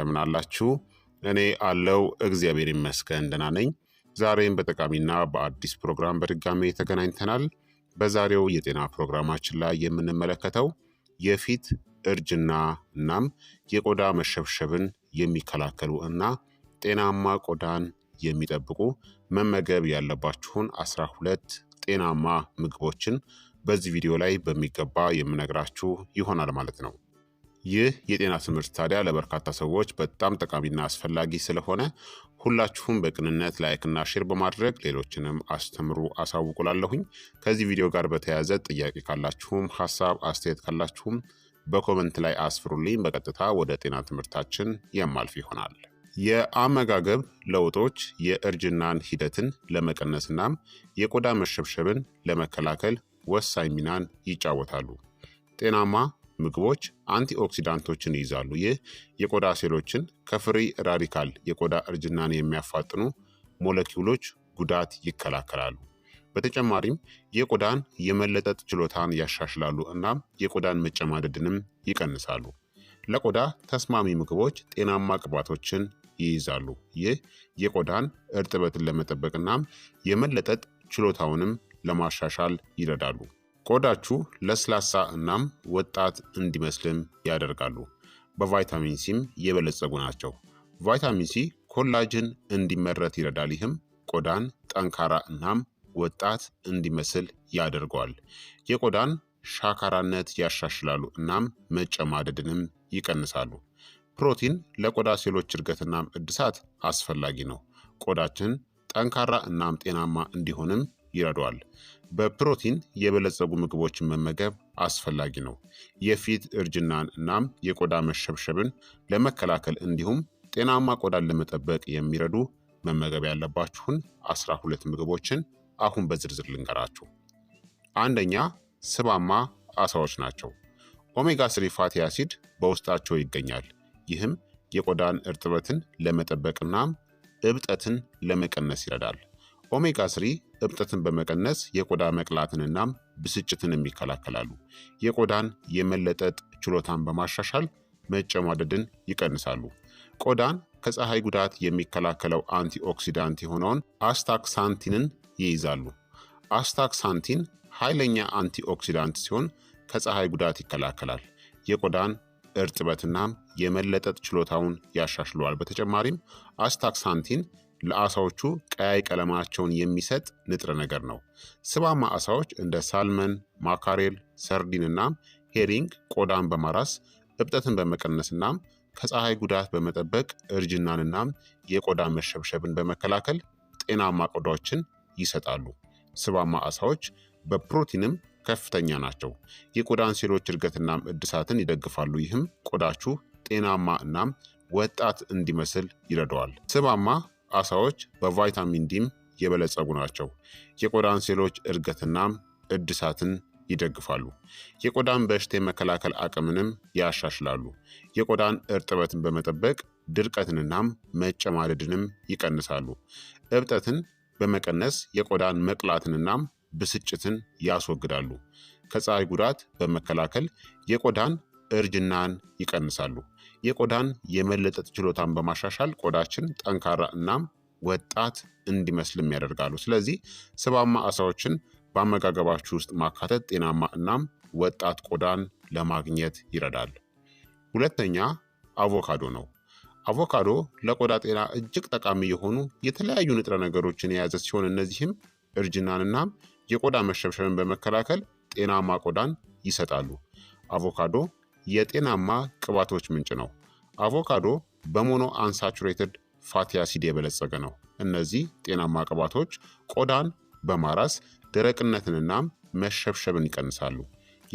እንደምን አላችሁ? እኔ አለው እግዚአብሔር ይመስገን ደህና ነኝ። ዛሬም በጠቃሚና በአዲስ ፕሮግራም በድጋሜ ተገናኝተናል። በዛሬው የጤና ፕሮግራማችን ላይ የምንመለከተው የፊት እርጅና እናም የቆዳ መሸብሸብን የሚከላከሉ እና ጤናማ ቆዳን የሚጠብቁ መመገብ ያለባችሁን አስራ ሁለት ጤናማ ምግቦችን በዚህ ቪዲዮ ላይ በሚገባ የምነግራችሁ ይሆናል ማለት ነው። ይህ የጤና ትምህርት ታዲያ ለበርካታ ሰዎች በጣም ጠቃሚና አስፈላጊ ስለሆነ ሁላችሁም በቅንነት ላይክና ሼር በማድረግ ሌሎችንም አስተምሩ አሳውቁላለሁኝ። ከዚህ ቪዲዮ ጋር በተያያዘ ጥያቄ ካላችሁም ሀሳብ አስተያየት ካላችሁም በኮመንት ላይ አስፍሩልኝ። በቀጥታ ወደ ጤና ትምህርታችን የማልፍ ይሆናል። የአመጋገብ ለውጦች የእርጅናን ሂደትን ለመቀነስናም የቆዳ መሸብሸብን ለመከላከል ወሳኝ ሚናን ይጫወታሉ። ጤናማ ምግቦች አንቲኦክሲዳንቶችን ይይዛሉ። ይህ የቆዳ ሴሎችን ከፍሪ ራዲካል የቆዳ እርጅናን የሚያፋጥኑ ሞለኪውሎች ጉዳት ይከላከላሉ። በተጨማሪም የቆዳን የመለጠጥ ችሎታን ያሻሽላሉ እናም የቆዳን መጨማደድንም ይቀንሳሉ። ለቆዳ ተስማሚ ምግቦች ጤናማ ቅባቶችን ይይዛሉ። ይህ የቆዳን እርጥበትን ለመጠበቅናም የመለጠጥ ችሎታውንም ለማሻሻል ይረዳሉ። ቆዳችሁ ለስላሳ እናም ወጣት እንዲመስልም ያደርጋሉ። በቫይታሚን ሲም የበለጸጉ ናቸው። ቫይታሚን ሲ ኮላጅን እንዲመረት ይረዳል። ይህም ቆዳን ጠንካራ እናም ወጣት እንዲመስል ያደርገዋል። የቆዳን ሻካራነት ያሻሽላሉ እናም መጨማደድንም ይቀንሳሉ። ፕሮቲን ለቆዳ ሴሎች እድገትና እድሳት አስፈላጊ ነው። ቆዳችን ጠንካራ እናም ጤናማ እንዲሆንም ይረዳዋል። በፕሮቲን የበለጸጉ ምግቦችን መመገብ አስፈላጊ ነው። የፊት እርጅናን እናም የቆዳ መሸብሸብን ለመከላከል እንዲሁም ጤናማ ቆዳን ለመጠበቅ የሚረዱ መመገብ ያለባችሁን 12 ምግቦችን አሁን በዝርዝር ልንገራችሁ። አንደኛ ስባማ አሳዎች ናቸው። ኦሜጋ ስሪ ፋቲ አሲድ በውስጣቸው ይገኛል። ይህም የቆዳን እርጥበትን ለመጠበቅናም እብጠትን ለመቀነስ ይረዳል። ኦሜጋ 3 እብጠትን በመቀነስ የቆዳ መቅላትንና ብስጭትንም ይከላከላሉ። የቆዳን የመለጠጥ ችሎታን በማሻሻል መጨማደድን ይቀንሳሉ። ቆዳን ከፀሐይ ጉዳት የሚከላከለው አንቲኦክሲዳንት የሆነውን አስታክሳንቲንን ይይዛሉ። አስታክሳንቲን ኃይለኛ አንቲኦክሲዳንት ሲሆን ከፀሐይ ጉዳት ይከላከላል። የቆዳን እርጥበትናም የመለጠጥ ችሎታውን ያሻሽለዋል። በተጨማሪም አስታክሳንቲን ለአሳዎቹ ቀያይ ቀለማቸውን የሚሰጥ ንጥረ ነገር ነው። ስባማ አሳዎች እንደ ሳልመን፣ ማካሬል፣ ሰርዲን እናም ሄሪንግ ቆዳን በማራስ እብጠትን በመቀነስ እናም ከፀሐይ ጉዳት በመጠበቅ እርጅናን እናም የቆዳ መሸብሸብን በመከላከል ጤናማ ቆዳዎችን ይሰጣሉ። ስባማ አሳዎች በፕሮቲንም ከፍተኛ ናቸው። የቆዳን ሴሎች እድገትናም እድሳትን ይደግፋሉ። ይህም ቆዳችሁ ጤናማ እናም ወጣት እንዲመስል ይረዳዋል። ስባማ አሳዎች በቫይታሚን ዲም የበለጸጉ ናቸው። የቆዳን ሴሎች እድገትናም እድሳትን ይደግፋሉ። የቆዳን በሽታ የመከላከል አቅምንም ያሻሽላሉ። የቆዳን እርጥበትን በመጠበቅ ድርቀትንናም መጨማደድንም ይቀንሳሉ። እብጠትን በመቀነስ የቆዳን መቅላትንናም ብስጭትን ያስወግዳሉ። ከፀሐይ ጉዳት በመከላከል የቆዳን እርጅናን ይቀንሳሉ። የቆዳን የመለጠጥ ችሎታን በማሻሻል ቆዳችን ጠንካራ እናም ወጣት እንዲመስልም ያደርጋሉ። ስለዚህ ስባማ አሳዎችን በአመጋገባችሁ ውስጥ ማካተት ጤናማ እናም ወጣት ቆዳን ለማግኘት ይረዳል። ሁለተኛ አቮካዶ ነው። አቮካዶ ለቆዳ ጤና እጅግ ጠቃሚ የሆኑ የተለያዩ ንጥረ ነገሮችን የያዘ ሲሆን እነዚህም እርጅናንና የቆዳ መሸብሸብን በመከላከል ጤናማ ቆዳን ይሰጣሉ። አቮካዶ የጤናማ ቅባቶች ምንጭ ነው። አቮካዶ በሞኖ አንሳቹሬትድ ፋቲ አሲድ የበለጸገ ነው። እነዚህ ጤናማ ቅባቶች ቆዳን በማራስ ደረቅነትንናም መሸብሸብን ይቀንሳሉ።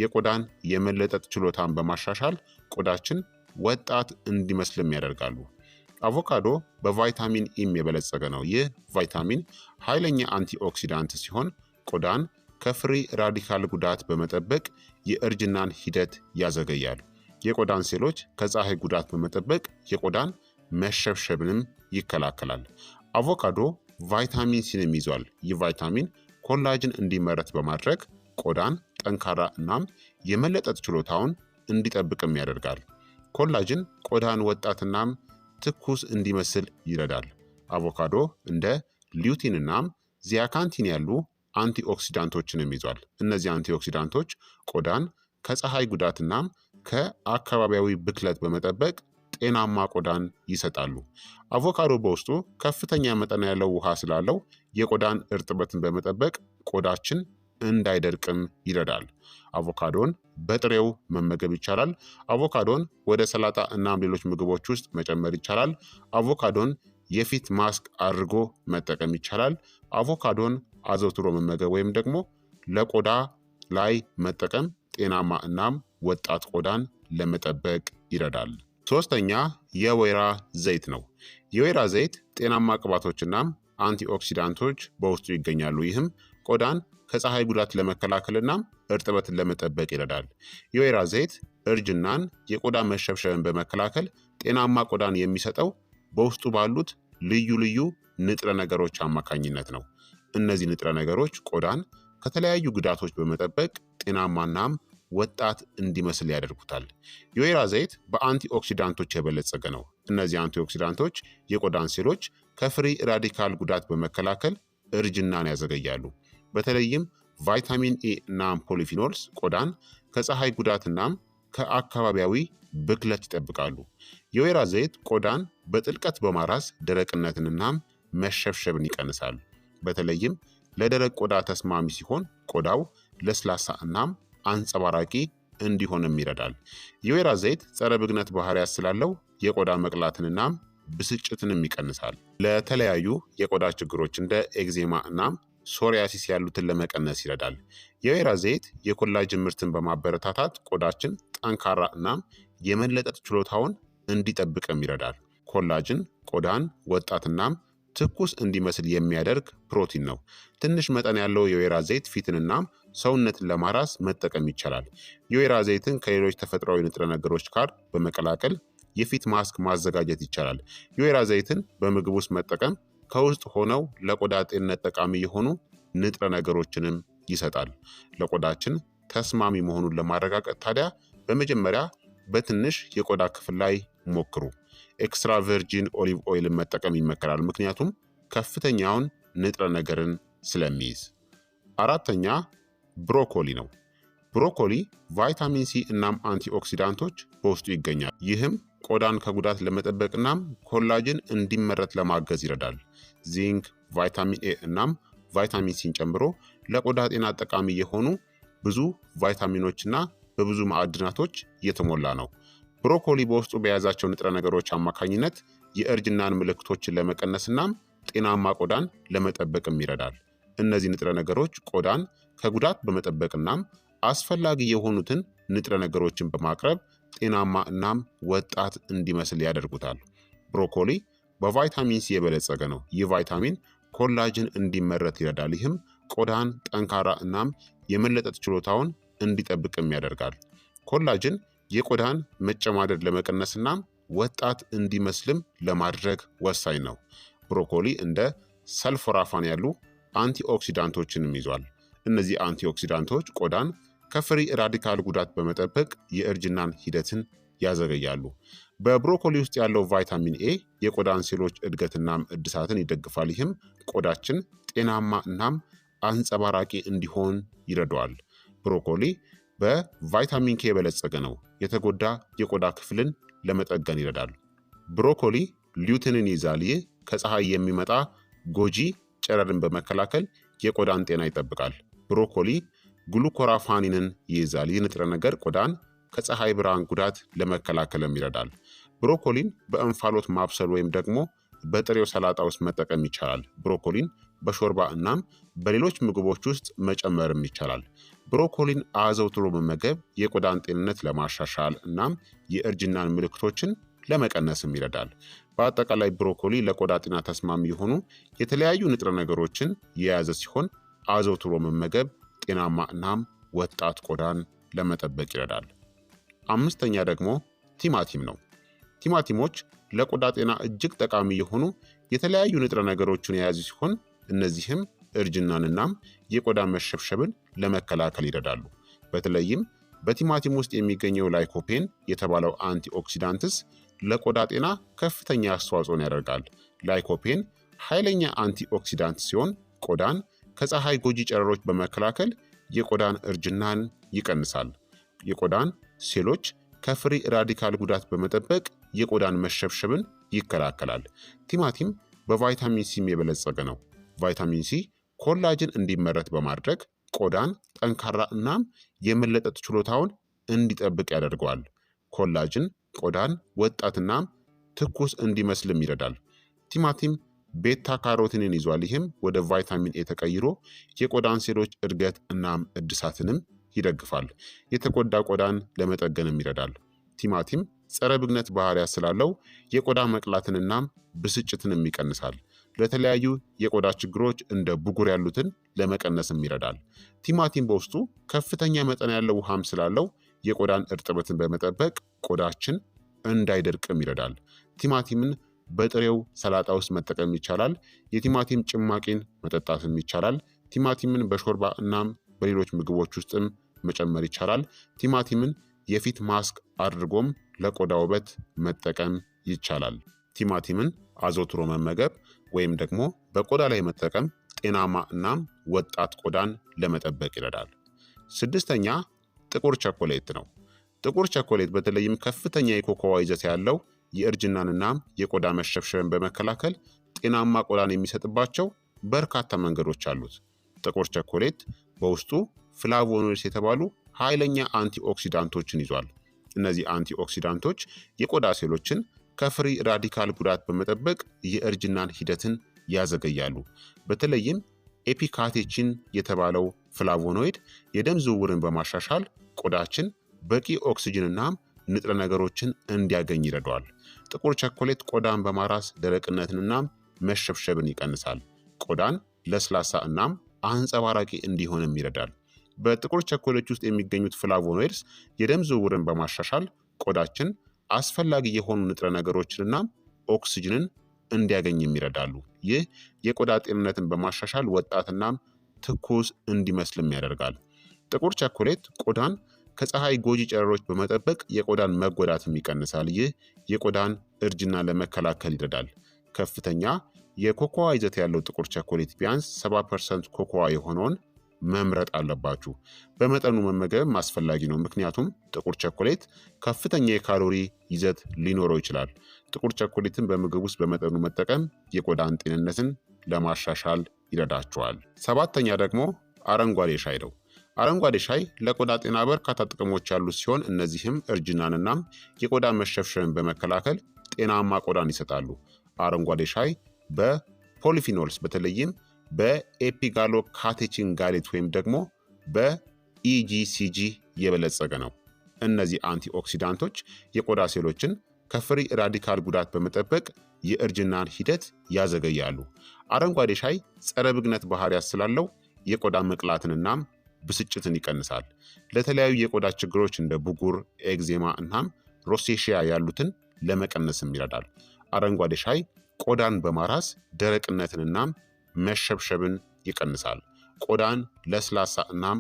የቆዳን የመለጠጥ ችሎታን በማሻሻል ቆዳችን ወጣት እንዲመስልም ያደርጋሉ። አቮካዶ በቫይታሚን ኢም የበለጸገ ነው። ይህ ቫይታሚን ኃይለኛ አንቲ ኦክሲዳንት ሲሆን ቆዳን ከፍሪ ራዲካል ጉዳት በመጠበቅ የእርጅናን ሂደት ያዘገያል። የቆዳን ሴሎች ከፀሐይ ጉዳት በመጠበቅ የቆዳን መሸብሸብንም ይከላከላል። አቮካዶ ቫይታሚን ሲንም ይዟል። ይህ ቫይታሚን ኮላጅን እንዲመረት በማድረግ ቆዳን ጠንካራ እናም የመለጠጥ ችሎታውን እንዲጠብቅም ያደርጋል። ኮላጅን ቆዳን ወጣትናም ትኩስ እንዲመስል ይረዳል። አቮካዶ እንደ ሊዩቲን እናም ዚያካንቲን ያሉ አንቲኦክሲዳንቶችንም ይዟል። እነዚህ አንቲኦክሲዳንቶች ቆዳን ከፀሐይ ጉዳትና ከአካባቢያዊ ብክለት በመጠበቅ ጤናማ ቆዳን ይሰጣሉ። አቮካዶ በውስጡ ከፍተኛ መጠን ያለው ውሃ ስላለው የቆዳን እርጥበትን በመጠበቅ ቆዳችን እንዳይደርቅም ይረዳል። አቮካዶን በጥሬው መመገብ ይቻላል። አቮካዶን ወደ ሰላጣ እናም ሌሎች ምግቦች ውስጥ መጨመር ይቻላል። አቮካዶን የፊት ማስክ አድርጎ መጠቀም ይቻላል። አቮካዶን አዘውትሮ መመገብ ወይም ደግሞ ለቆዳ ላይ መጠቀም ጤናማ እናም ወጣት ቆዳን ለመጠበቅ ይረዳል። ሶስተኛ የወይራ ዘይት ነው። የወይራ ዘይት ጤናማ ቅባቶችናም አንቲኦክሲዳንቶች በውስጡ ይገኛሉ። ይህም ቆዳን ከፀሐይ ጉዳት ለመከላከልናም እርጥበትን ለመጠበቅ ይረዳል። የወይራ ዘይት እርጅናን፣ የቆዳ መሸብሸብን በመከላከል ጤናማ ቆዳን የሚሰጠው በውስጡ ባሉት ልዩ ልዩ ንጥረ ነገሮች አማካኝነት ነው። እነዚህ ንጥረ ነገሮች ቆዳን ከተለያዩ ጉዳቶች በመጠበቅ ጤናማናም ወጣት እንዲመስል ያደርጉታል። የወይራ ዘይት በአንቲኦክሲዳንቶች የበለጸገ ነው። እነዚህ አንቲኦክሲዳንቶች የቆዳን ሴሎች ከፍሪ ራዲካል ጉዳት በመከላከል እርጅናን ያዘገያሉ። በተለይም ቫይታሚን ኤ እናም ፖሊፊኖልስ ቆዳን ከፀሐይ ጉዳት ከአካባቢያዊ ብክለት ይጠብቃሉ። የወይራ ዘይት ቆዳን በጥልቀት በማራስ ደረቅነትንናም መሸብሸብን ይቀንሳሉ። በተለይም ለደረቅ ቆዳ ተስማሚ ሲሆን ቆዳው ለስላሳ እናም አንጸባራቂ እንዲሆንም ይረዳል። የወይራ ዘይት ጸረ ብግነት ባህሪያት ስላለው የቆዳ መቅላትንና ብስጭትንም ይቀንሳል። ለተለያዩ የቆዳ ችግሮች እንደ ኤግዜማ እናም ሶሪያሲስ ያሉትን ለመቀነስ ይረዳል። የወይራ ዘይት የኮላጅን ምርትን በማበረታታት ቆዳችን ጠንካራ እናም የመለጠጥ ችሎታውን እንዲጠብቅም ይረዳል። ኮላጅን ቆዳን ወጣትናም ትኩስ እንዲመስል የሚያደርግ ፕሮቲን ነው። ትንሽ መጠን ያለው የወይራ ዘይት ፊትንና ሰውነትን ለማራስ መጠቀም ይቻላል። የወይራ ዘይትን ከሌሎች ተፈጥሯዊ ንጥረ ነገሮች ጋር በመቀላቀል የፊት ማስክ ማዘጋጀት ይቻላል። የወይራ ዘይትን በምግብ ውስጥ መጠቀም ከውስጥ ሆነው ለቆዳ ጤንነት ጠቃሚ የሆኑ ንጥረ ነገሮችንም ይሰጣል። ለቆዳችን ተስማሚ መሆኑን ለማረጋገጥ ታዲያ በመጀመሪያ በትንሽ የቆዳ ክፍል ላይ ሞክሩ። ኤክስትራ ቨርጂን ኦሊቭ ኦይልን መጠቀም ይመከራል፣ ምክንያቱም ከፍተኛውን ንጥረ ነገርን ስለሚይዝ። አራተኛ ብሮኮሊ ነው። ብሮኮሊ ቫይታሚን ሲ እናም አንቲኦክሲዳንቶች በውስጡ ይገኛል። ይህም ቆዳን ከጉዳት ለመጠበቅ እናም ኮላጅን እንዲመረት ለማገዝ ይረዳል። ዚንክ፣ ቫይታሚን ኤ እናም ቫይታሚን ሲን ጨምሮ ለቆዳ ጤና ጠቃሚ የሆኑ ብዙ ቫይታሚኖችና በብዙ ማዕድናቶች የተሞላ ነው። ብሮኮሊ በውስጡ በያዛቸው ንጥረ ነገሮች አማካኝነት የእርጅናን ምልክቶችን ለመቀነስናም ጤናማ ቆዳን ለመጠበቅም ይረዳል። እነዚህ ንጥረ ነገሮች ቆዳን ከጉዳት በመጠበቅናም አስፈላጊ የሆኑትን ንጥረ ነገሮችን በማቅረብ ጤናማ እናም ወጣት እንዲመስል ያደርጉታል። ብሮኮሊ በቫይታሚን ሲ የበለጸገ ነው። ይህ ቫይታሚን ኮላጅን እንዲመረት ይረዳል። ይህም ቆዳን ጠንካራ እናም የመለጠጥ ችሎታውን እንዲጠብቅም ያደርጋል። ኮላጅን የቆዳን መጨማደድ ለመቀነስና ወጣት እንዲመስልም ለማድረግ ወሳኝ ነው። ብሮኮሊ እንደ ሰልፎራፋን ያሉ አንቲኦክሲዳንቶችንም ይዟል። እነዚህ አንቲኦክሲዳንቶች ቆዳን ከፍሪ ራዲካል ጉዳት በመጠበቅ የእርጅናን ሂደትን ያዘገያሉ። በብሮኮሊ ውስጥ ያለው ቫይታሚን ኤ የቆዳን ሴሎች እድገትናም እድሳትን ይደግፋል። ይህም ቆዳችን ጤናማ እናም አንጸባራቂ እንዲሆን ይረዳዋል። ብሮኮሊ በቫይታሚን ኬ የበለጸገ ነው። የተጎዳ የቆዳ ክፍልን ለመጠገን ይረዳል። ብሮኮሊ ሊዩትንን ይዛል። ይህ ከፀሐይ የሚመጣ ጎጂ ጨረርን በመከላከል የቆዳን ጤና ይጠብቃል። ብሮኮሊ ግሉኮራፋኒንን ይይዛል። ይህ ንጥረ ነገር ቆዳን ከፀሐይ ብርሃን ጉዳት ለመከላከልም ይረዳል። ብሮኮሊን በእንፋሎት ማብሰል ወይም ደግሞ በጥሬው ሰላጣ ውስጥ መጠቀም ይቻላል። ብሮኮሊን በሾርባ እናም በሌሎች ምግቦች ውስጥ መጨመርም ይቻላል። ብሮኮሊን አዘውትሮ መመገብ የቆዳን ጤንነት ለማሻሻል እናም የእርጅናን ምልክቶችን ለመቀነስም ይረዳል። በአጠቃላይ ብሮኮሊ ለቆዳ ጤና ተስማሚ የሆኑ የተለያዩ ንጥረ ነገሮችን የያዘ ሲሆን አዘውትሮ መመገብ ጤናማ እናም ወጣት ቆዳን ለመጠበቅ ይረዳል። አምስተኛ ደግሞ ቲማቲም ነው። ቲማቲሞች ለቆዳ ጤና እጅግ ጠቃሚ የሆኑ የተለያዩ ንጥረ ነገሮችን የያዙ ሲሆን እነዚህም እርጅናንና የቆዳ መሸብሸብን ለመከላከል ይረዳሉ። በተለይም በቲማቲም ውስጥ የሚገኘው ላይኮፔን የተባለው አንቲኦክሲዳንትስ ለቆዳ ጤና ከፍተኛ አስተዋጽኦን ያደርጋል። ላይኮፔን ኃይለኛ አንቲኦክሲዳንት ሲሆን ቆዳን ከፀሐይ ጎጂ ጨረሮች በመከላከል የቆዳን እርጅናን ይቀንሳል። የቆዳን ሴሎች ከፍሪ ራዲካል ጉዳት በመጠበቅ የቆዳን መሸብሸብን ይከላከላል። ቲማቲም በቫይታሚን ሲም የበለጸገ ነው። ቫይታሚን ሲ ኮላጅን እንዲመረት በማድረግ ቆዳን ጠንካራ እናም የመለጠጥ ችሎታውን እንዲጠብቅ ያደርገዋል። ኮላጅን ቆዳን ወጣትናም ትኩስ እንዲመስልም ይረዳል። ቲማቲም ቤታ ካሮቲንን ይዟል። ይህም ወደ ቫይታሚን ኤ ተቀይሮ የቆዳን ሴሎች እድገት እናም እድሳትንም ይደግፋል። የተጎዳ ቆዳን ለመጠገንም ይረዳል። ቲማቲም ጸረ ብግነት ባህሪያት ስላለው የቆዳ መቅላትንናም ብስጭትንም ይቀንሳል። ለተለያዩ የቆዳ ችግሮች እንደ ብጉር ያሉትን ለመቀነስም ይረዳል። ቲማቲም በውስጡ ከፍተኛ መጠን ያለው ውሃም ስላለው የቆዳን እርጥበትን በመጠበቅ ቆዳችን እንዳይደርቅም ይረዳል። ቲማቲምን በጥሬው ሰላጣ ውስጥ መጠቀም ይቻላል። የቲማቲም ጭማቂን መጠጣትም ይቻላል። ቲማቲምን በሾርባ እናም በሌሎች ምግቦች ውስጥም መጨመር ይቻላል። ቲማቲምን የፊት ማስክ አድርጎም ለቆዳ ውበት መጠቀም ይቻላል። ቲማቲምን አዘውትሮ መመገብ ወይም ደግሞ በቆዳ ላይ መጠቀም ጤናማ እናም ወጣት ቆዳን ለመጠበቅ ይረዳል። ስድስተኛ ጥቁር ቸኮሌት ነው። ጥቁር ቸኮሌት በተለይም ከፍተኛ የኮኮዋ ይዘት ያለው የእርጅናንና የቆዳ መሸብሸብን በመከላከል ጤናማ ቆዳን የሚሰጥባቸው በርካታ መንገዶች አሉት። ጥቁር ቸኮሌት በውስጡ ፍላቮኖይድስ የተባሉ ኃይለኛ አንቲኦክሲዳንቶችን ይዟል። እነዚህ አንቲኦክሲዳንቶች የቆዳ ሴሎችን ከፍሪ ራዲካል ጉዳት በመጠበቅ የእርጅናን ሂደትን ያዘገያሉ። በተለይም ኤፒካቴችን የተባለው ፍላቮኖይድ የደም ዝውውርን በማሻሻል ቆዳችን በቂ ኦክስጅንና ንጥረ ነገሮችን እንዲያገኝ ይረዳዋል። ጥቁር ቸኮሌት ቆዳን በማራስ ደረቅነትንና መሸብሸብን ይቀንሳል። ቆዳን ለስላሳ እናም አንጸባራቂ እንዲሆንም ይረዳል። በጥቁር ቸኮሌት ውስጥ የሚገኙት ፍላቮኖይድስ የደም ዝውውርን በማሻሻል ቆዳችን አስፈላጊ የሆኑ ንጥረ ነገሮችንና ኦክስጅንን እንዲያገኝም ይረዳሉ። ይህ የቆዳ ጤንነትን በማሻሻል ወጣትናም ትኩስ እንዲመስልም ያደርጋል። ጥቁር ቸኮሌት ቆዳን ከፀሐይ ጎጂ ጨረሮች በመጠበቅ የቆዳን መጎዳትም ይቀንሳል። ይህ የቆዳን እርጅና ለመከላከል ይረዳል። ከፍተኛ የኮኮዋ ይዘት ያለው ጥቁር ቸኮሌት ቢያንስ 70 ፐርሰንት ኮኮዋ የሆነውን መምረጥ አለባችሁ። በመጠኑ መመገብም አስፈላጊ ነው። ምክንያቱም ጥቁር ቸኮሌት ከፍተኛ የካሎሪ ይዘት ሊኖረው ይችላል። ጥቁር ቸኮሌትን በምግብ ውስጥ በመጠኑ መጠቀም የቆዳን ጤንነትን ለማሻሻል ይረዳችኋል። ሰባተኛ ደግሞ አረንጓዴ ሻይ ነው። አረንጓዴ ሻይ ለቆዳ ጤና በርካታ ጥቅሞች ያሉት ሲሆን እነዚህም እርጅናንናም የቆዳ መሸብሸብን በመከላከል ጤናማ ቆዳን ይሰጣሉ። አረንጓዴ ሻይ በፖሊፊኖልስ በተለይም በኤፒጋሎ ካቴቺን ጋሌት ወይም ደግሞ በኢጂሲጂ የበለጸገ ነው። እነዚህ አንቲኦክሲዳንቶች የቆዳ ሴሎችን ከፍሪ ራዲካል ጉዳት በመጠበቅ የእርጅናን ሂደት ያዘገያሉ። አረንጓዴ ሻይ ጸረ ብግነት ባህሪያት ስላለው የቆዳ መቅላትንናም ብስጭትን ይቀንሳል። ለተለያዩ የቆዳ ችግሮች እንደ ብጉር፣ ኤግዜማ እናም ሮሴሽያ ያሉትን ለመቀነስም ይረዳል። አረንጓዴ ሻይ ቆዳን በማራስ ደረቅነትንናም መሸብሸብን ይቀንሳል። ቆዳን ለስላሳ እናም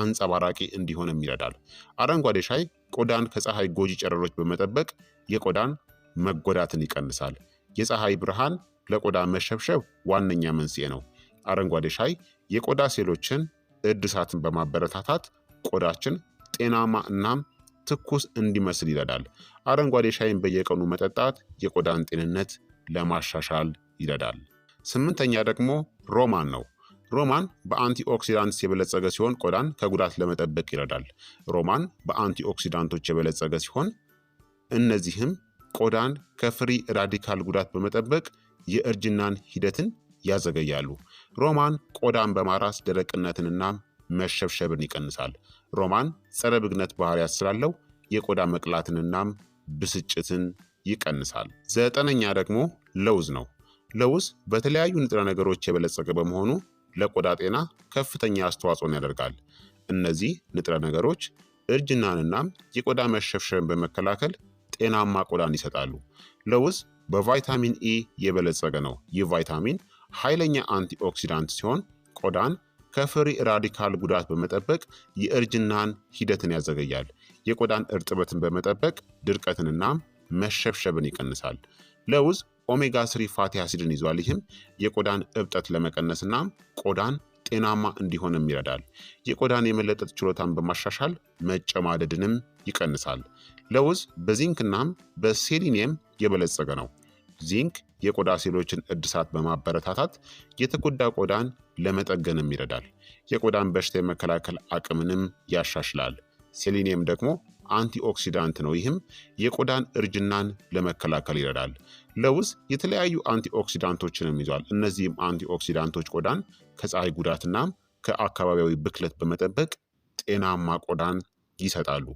አንጸባራቂ እንዲሆንም ይረዳል። አረንጓዴ ሻይ ቆዳን ከፀሐይ ጎጂ ጨረሮች በመጠበቅ የቆዳን መጎዳትን ይቀንሳል። የፀሐይ ብርሃን ለቆዳ መሸብሸብ ዋነኛ መንስኤ ነው። አረንጓዴ ሻይ የቆዳ ሴሎችን እድሳትን በማበረታታት ቆዳችን ጤናማ እናም ትኩስ እንዲመስል ይረዳል። አረንጓዴ ሻይን በየቀኑ መጠጣት የቆዳን ጤንነት ለማሻሻል ይረዳል። ስምንተኛ ደግሞ ሮማን ነው። ሮማን በአንቲኦክሲዳንትስ የበለጸገ ሲሆን ቆዳን ከጉዳት ለመጠበቅ ይረዳል። ሮማን በአንቲኦክሲዳንቶች የበለጸገ ሲሆን እነዚህም ቆዳን ከፍሪ ራዲካል ጉዳት በመጠበቅ የእርጅናን ሂደትን ያዘገያሉ። ሮማን ቆዳን በማራስ ደረቅነትንና መሸብሸብን ይቀንሳል። ሮማን ጸረ ብግነት ባህሪያት ስላለው የቆዳ መቅላትንናም ብስጭትን ይቀንሳል። ዘጠነኛ ደግሞ ለውዝ ነው። ለውዝ በተለያዩ ንጥረ ነገሮች የበለጸገ በመሆኑ ለቆዳ ጤና ከፍተኛ አስተዋጽኦን ያደርጋል። እነዚህ ንጥረ ነገሮች እርጅናንናም የቆዳ መሸብሸብን በመከላከል ጤናማ ቆዳን ይሰጣሉ። ለውዝ በቫይታሚን ኢ የበለጸገ ነው። ይህ ቫይታሚን ኃይለኛ አንቲኦክሲዳንት ሲሆን ቆዳን ከፍሪ ራዲካል ጉዳት በመጠበቅ የእርጅናን ሂደትን ያዘገያል። የቆዳን እርጥበትን በመጠበቅ ድርቀትንና መሸብሸብን ይቀንሳል። ለውዝ ኦሜጋ ስሪ ፋቲ አሲድን ይዟል። ይህም የቆዳን እብጠት ለመቀነስና ቆዳን ጤናማ እንዲሆንም ይረዳል። የቆዳን የመለጠጥ ችሎታን በማሻሻል መጨማደድንም ይቀንሳል። ለውዝ በዚንክናም በሴሊኒየም የበለጸገ ነው። ዚንክ የቆዳ ሴሎችን እድሳት በማበረታታት የተጎዳ ቆዳን ለመጠገንም ይረዳል። የቆዳን በሽታ የመከላከል አቅምንም ያሻሽላል። ሴሊኒየም ደግሞ አንቲ ኦክሲዳንት ነው። ይህም የቆዳን እርጅናን ለመከላከል ይረዳል። ለውዝ የተለያዩ አንቲኦክሲዳንቶችንም ይዟል። እነዚህም አንቲኦክሲዳንቶች ቆዳን ከፀሐይ ጉዳትና ከአካባቢያዊ ብክለት በመጠበቅ ጤናማ ቆዳን ይሰጣሉ።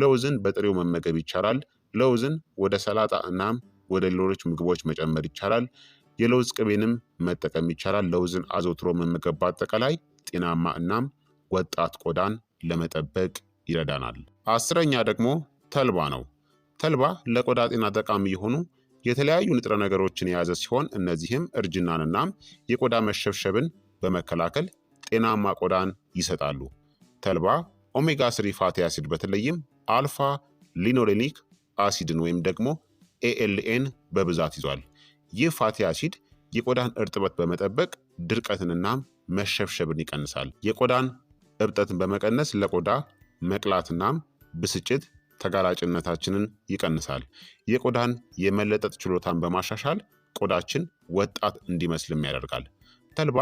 ለውዝን በጥሬው መመገብ ይቻላል። ለውዝን ወደ ሰላጣ እናም ወደ ሌሎች ምግቦች መጨመር ይቻላል። የለውዝ ቅቤንም መጠቀም ይቻላል። ለውዝን አዘውትሮ መመገብ በአጠቃላይ ጤናማ እናም ወጣት ቆዳን ለመጠበቅ ይረዳናል። አስረኛ ደግሞ ተልባ ነው። ተልባ ለቆዳ ጤና ጠቃሚ የሆኑ የተለያዩ ንጥረ ነገሮችን የያዘ ሲሆን እነዚህም እርጅናንና የቆዳ መሸብሸብን በመከላከል ጤናማ ቆዳን ይሰጣሉ። ተልባ ኦሜጋ ስሪ ፋቲ አሲድ በተለይም አልፋ ሊኖሌኒክ አሲድን ወይም ደግሞ ኤኤልኤን በብዛት ይዟል። ይህ ፋቲ አሲድ የቆዳን እርጥበት በመጠበቅ ድርቀትንና መሸብሸብን ይቀንሳል። የቆዳን እብጠትን በመቀነስ ለቆዳ መቅላትናም ብስጭት ተጋላጭነታችንን ይቀንሳል። የቆዳን የመለጠጥ ችሎታን በማሻሻል ቆዳችን ወጣት እንዲመስልም ያደርጋል። ተልባ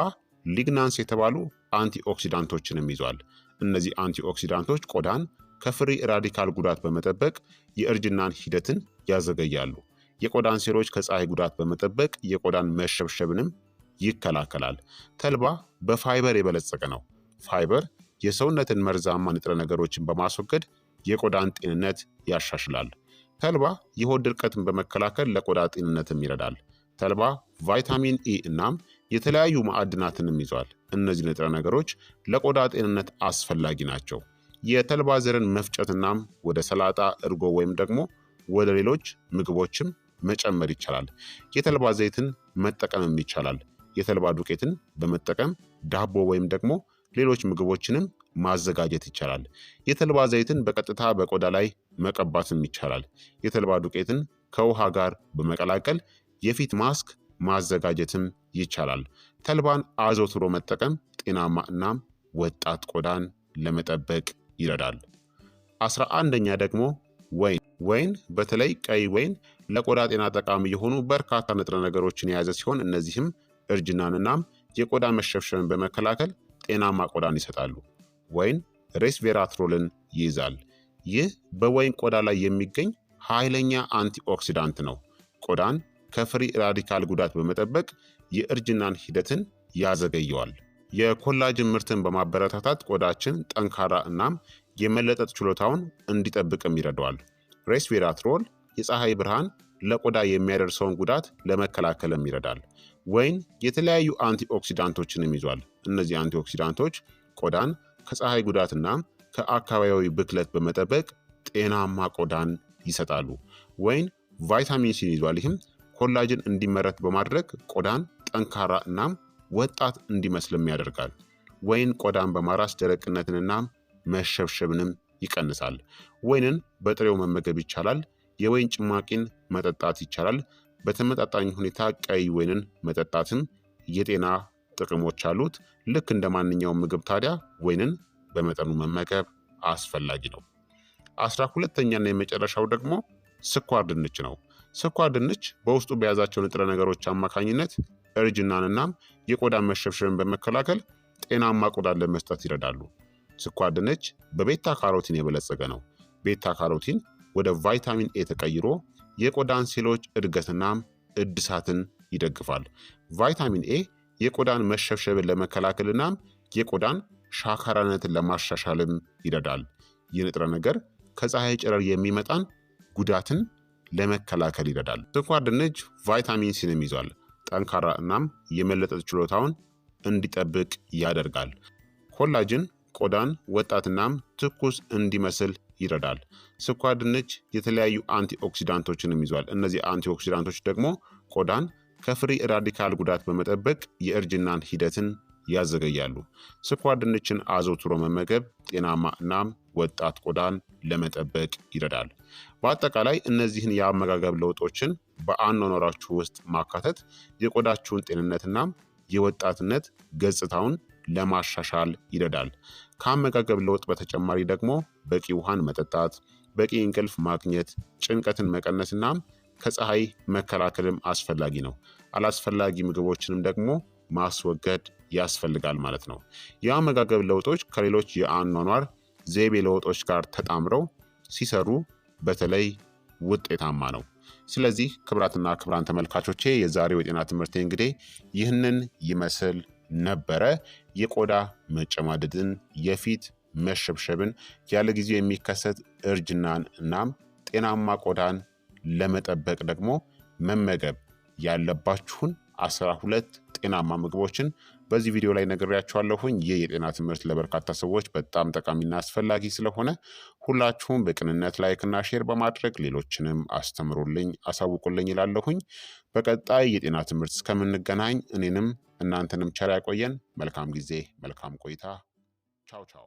ሊግናንስ የተባሉ አንቲኦክሲዳንቶችንም ይዟል። እነዚህ አንቲኦክሲዳንቶች ቆዳን ከፍሪ ራዲካል ጉዳት በመጠበቅ የእርጅናን ሂደትን ያዘገያሉ። የቆዳን ሴሎች ከፀሐይ ጉዳት በመጠበቅ የቆዳን መሸብሸብንም ይከላከላል። ተልባ በፋይበር የበለጸገ ነው። ፋይበር የሰውነትን መርዛማ ንጥረ ነገሮችን በማስወገድ የቆዳን ጤንነት ያሻሽላል። ተልባ የሆድ ድርቀትን በመከላከል ለቆዳ ጤንነትም ይረዳል። ተልባ ቫይታሚን ኢ እናም የተለያዩ ማዕድናትንም ይዟል። እነዚህ ንጥረ ነገሮች ለቆዳ ጤንነት አስፈላጊ ናቸው። የተልባ ዘርን መፍጨትናም ወደ ሰላጣ፣ እርጎ ወይም ደግሞ ወደ ሌሎች ምግቦችም መጨመር ይቻላል። የተልባ ዘይትን መጠቀምም ይቻላል። የተልባ ዱቄትን በመጠቀም ዳቦ ወይም ደግሞ ሌሎች ምግቦችንም ማዘጋጀት ይቻላል። የተልባ ዘይትን በቀጥታ በቆዳ ላይ መቀባትም ይቻላል። የተልባ ዱቄትን ከውሃ ጋር በመቀላቀል የፊት ማስክ ማዘጋጀትም ይቻላል። ተልባን አዘውትሮ መጠቀም ጤናማ እናም ወጣት ቆዳን ለመጠበቅ ይረዳል። አስራ አንደኛ ደግሞ ወይን። ወይን በተለይ ቀይ ወይን ለቆዳ ጤና ጠቃሚ የሆኑ በርካታ ንጥረ ነገሮችን የያዘ ሲሆን እነዚህም እርጅናንናም የቆዳ መሸብሸብን በመከላከል ጤናማ ቆዳን ይሰጣሉ። ወይን ሬስቬራትሮልን ይይዛል። ይህ በወይን ቆዳ ላይ የሚገኝ ኃይለኛ አንቲኦክሲዳንት ነው። ቆዳን ከፍሪ ራዲካል ጉዳት በመጠበቅ የእርጅናን ሂደትን ያዘገየዋል። የኮላጅን ምርትን በማበረታታት ቆዳችን ጠንካራ እናም የመለጠጥ ችሎታውን እንዲጠብቅም ይረዳዋል። ሬስቬራትሮል የፀሐይ ብርሃን ለቆዳ የሚያደርሰውን ጉዳት ለመከላከልም ይረዳል። ወይን የተለያዩ አንቲኦክሲዳንቶችንም ይዟል። እነዚህ አንቲኦክሲዳንቶች ቆዳን ከፀሐይ ጉዳትና ከአካባቢያዊ ብክለት በመጠበቅ ጤናማ ቆዳን ይሰጣሉ። ወይን ቫይታሚን ሲን ይዟል። ይህም ኮላጅን እንዲመረት በማድረግ ቆዳን ጠንካራ እናም ወጣት እንዲመስልም ያደርጋል። ወይን ቆዳን በማራስ ደረቅነትንና መሸብሸብንም ይቀንሳል። ወይንን በጥሬው መመገብ ይቻላል። የወይን ጭማቂን መጠጣት ይቻላል። በተመጣጣኝ ሁኔታ ቀይ ወይንን መጠጣትም የጤና ጥቅሞች አሉት። ልክ እንደ ማንኛውም ምግብ ታዲያ ወይንን በመጠኑ መመገብ አስፈላጊ ነው። አስራ ሁለተኛና የመጨረሻው ደግሞ ስኳር ድንች ነው። ስኳር ድንች በውስጡ በያዛቸው ንጥረ ነገሮች አማካኝነት እርጅናንና የቆዳ መሸብሸብን በመከላከል ጤናማ ቆዳን ለመስጠት ይረዳሉ። ስኳር ድንች በቤታ ካሮቲን የበለጸገ ነው። ቤታ ካሮቲን ወደ ቫይታሚን ኤ ተቀይሮ የቆዳን ሴሎች እድገትናም እድሳትን ይደግፋል። ቫይታሚን ኤ የቆዳን መሸብሸብን ለመከላከልናም የቆዳን ሻካራነትን ለማሻሻልም ይረዳል። ይህ ንጥረ ነገር ከፀሐይ ጨረር የሚመጣን ጉዳትን ለመከላከል ይረዳል። ስኳር ድንች ቫይታሚን ሲንም ይዟል። ጠንካራ እናም የመለጠጥ ችሎታውን እንዲጠብቅ ያደርጋል። ኮላጅን ቆዳን ወጣትናም ትኩስ እንዲመስል ይረዳል። ስኳር ድንች የተለያዩ አንቲኦክሲዳንቶችንም ይዟል። እነዚህ አንቲኦክሲዳንቶች ደግሞ ቆዳን ከፍሪ ራዲካል ጉዳት በመጠበቅ የእርጅናን ሂደትን ያዘገያሉ። ስኳር ድንችን አዘውትሮ መመገብ ጤናማ እናም ወጣት ቆዳን ለመጠበቅ ይረዳል። በአጠቃላይ እነዚህን የአመጋገብ ለውጦችን በአኗኗራችሁ ውስጥ ማካተት የቆዳችሁን ጤንነትና የወጣትነት ገጽታውን ለማሻሻል ይረዳል። ከአመጋገብ ለውጥ በተጨማሪ ደግሞ በቂ ውሃን መጠጣት፣ በቂ እንቅልፍ ማግኘት፣ ጭንቀትን መቀነስና ከፀሐይ መከላከልም አስፈላጊ ነው። አላስፈላጊ ምግቦችንም ደግሞ ማስወገድ ያስፈልጋል ማለት ነው። የአመጋገብ ለውጦች ከሌሎች የአኗኗር ዘይቤ ለውጦች ጋር ተጣምረው ሲሰሩ በተለይ ውጤታማ ነው። ስለዚህ ክብራትና ክብራን ተመልካቾቼ የዛሬው የጤና ትምህርት እንግዲህ ይህንን ይመስል ነበረ። የቆዳ መጨማደድን፣ የፊት መሸብሸብን፣ ያለ ጊዜው የሚከሰት እርጅናን እናም ጤናማ ቆዳን ለመጠበቅ ደግሞ መመገብ ያለባችሁን አስራ ሁለት ጤናማ ምግቦችን በዚህ ቪዲዮ ላይ ነግሬያችኋለሁኝ። ይህ የጤና ትምህርት ለበርካታ ሰዎች በጣም ጠቃሚና አስፈላጊ ስለሆነ ሁላችሁም በቅንነት ላይክና ሼር በማድረግ ሌሎችንም አስተምሩልኝ፣ አሳውቁልኝ ይላለሁኝ። በቀጣይ የጤና ትምህርት እስከምንገናኝ እኔንም እናንተንም ቸር ያቆየን። መልካም ጊዜ፣ መልካም ቆይታ። ቻው ቻው።